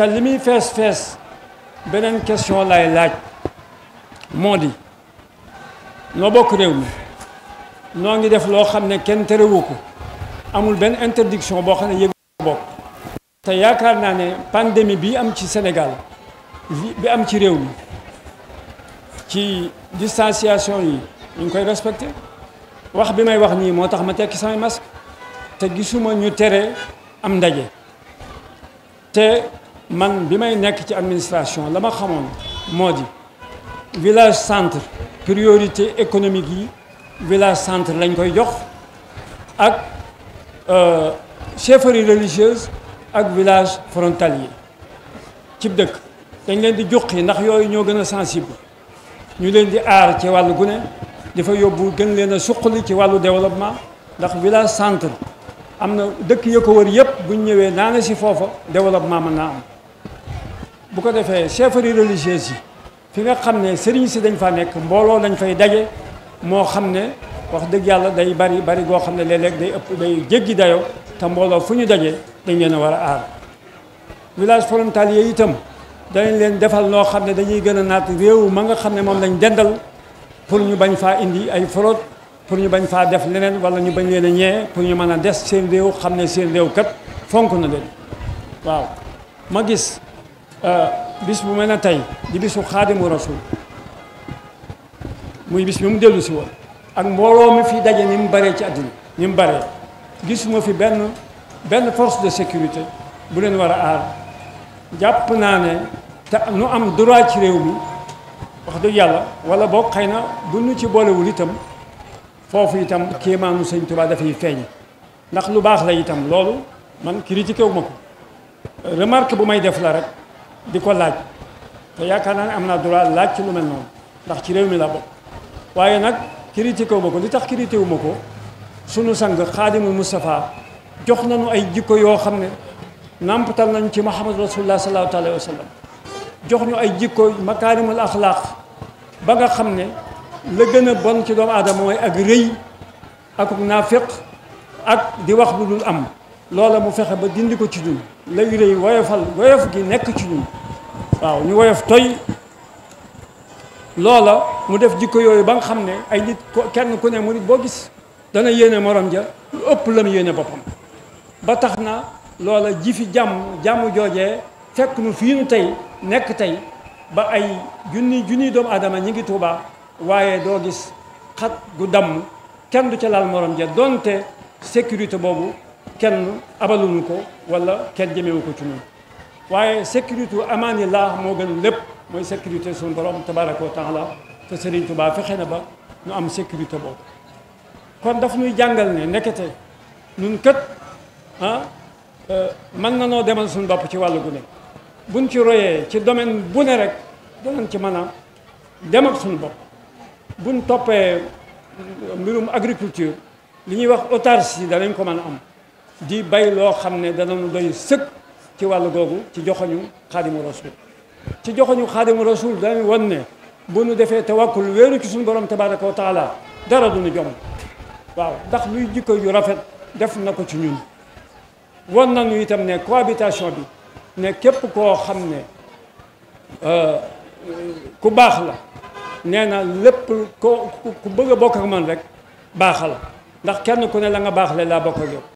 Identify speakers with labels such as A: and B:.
A: te li muy fees fees beneen question lay laaj moo di noo bokk réew mi noo ngi def loo xam ne kenn terewu ko amul benn interdiction boo xam ne yëgu bokk te yaakaar naa ne pandémie bi am ci Sénégal bi am ci réew mi ci distanciation yi ñu ngi koy respecté wax bi may wax nii moo tax ma tekki samay masque te gisuma ñu tere am ndaje man bi may nekk ci administration la ma xamoon moo di village centre priorité économique yi village centre lañ koy jox ak euh, chefferie religieuse ak village frontalier ci dëkk dañ leen di yi ndax yooyu ñoo gën a sensible ñu leen di aar ci wàll gune dafa yóbbu gën leen a suqali ci wàllu développement ndax village centre am na dëkk ya ko wër yëpp bu ñu ñëwee naa si foofa développement mën naa am bu ko defee chefferie religieuse yi fi nga xam ne sëriñ si dañ faa nekk mbooloo lañ fay daje moo xam ne wax dëgg yàlla day bari bari goo xam ne léeg-léeg day ëpp day jéggi dayoo te mbooloo fu ñu daje dañ leen a war a aar village itam danañ leen defal noo xam ne dañuy gën a naat réew ma nga xam ne moom lañ dendal pour ñu bañ faa indi ay fraude pour ñu bañ faa def leneen walla ñu bañ leen a ñee pour ñu mën a des seen réew xam ne seen réew kat fonk na leen waaw ma gis Euh, bis bu mel ne tey di bisu xaadimu rasul muy bis bi mu dellu si woon ak mbooloo mi fi daje ni mu baree ci àddina ni mu baree gisuma fi benn benn force de sécurité bu leen war a aar jàpp naa ne te nu am droit ci réew mi wax dëgg yàlla wala boog xëy na bu nu ci boolewul itam foofu itam kéemaanu sëñ Tuubaa dafay feeñ ndax lu baax la itam loolu man critiqué wu ma ko remarque bu may def la rek di ko laaj te yaakaar naa ne am naa droit laaj ci lu mel noonu ndax ci réew mi la bokk waaye nag critiqué wu ma ko li tax critiqué wu ma ko sunu sang xaadimul Moustapha jox nañu ay jikko yoo xam ne nàmpatal nañu ci Muhammad rasulullah sallallahu alayhi wa sallam jox ñu ay jikko makaarimul axlaaq ba nga xam ne la gën a bon ci doomu aadama mooy ak rëy ak naaféq ak di wax lu dul am loola mu fexe ba dindi ko ci ñun lay rëy woyofal woyof gi nekk ci ñun waaw ñu woyof toy loola mu def jikko yooyu ba nga xam ne ay nit kenn ku ne mu nit boo gis dana yéene morom ja lu ëpp la mu yéene boppam ba tax na loola ji fi jàmm jàmm joojee fekk nu fii nu tey nekk tey ba ay junni junni doomu aadama ñi ngi Tuubaa waaye doo gis xat gu damm kenn du ca laal morom ja donte sécurité boobu kenn abaluñu ko wala kenn jëmewu ko ci ñun waaye sécurité amaani laa moo gën lépp mooy sécurité suñu borom tabaraka wa taala te Serigne Touba fexe na ba nu am sécurité boobu kon daf ñuy jàngal ne nekkete ñun kët ah euh, mën na noo demal suñu bopp ci wàllu gu bu buñ ci royee ci domaine bu ne rek danañ ci mën a demal suñu bopp buñ toppee mbirum agriculture li ñuy wax autarcie danañ ko mën a am di bay loo xam ne danañu doy sëkk ci wàll googu ci joxoñu xaadimu rasul ci joxoñu xaadimu rasul dañu won ne bu nu defee tawakkul weeru ci suñu borom tabaraka wa taala dara duñu jom waaw ndax luy jikko yu rafet def na ko ci ñun wan nañu itam ne cohabitation bi ne képp koo xam ne euh, ku baax la nee na lépp ko ku bëgg a bokk ak man rek baaxa la ndax kenn ku ne la nga baax le laa bokk ak yow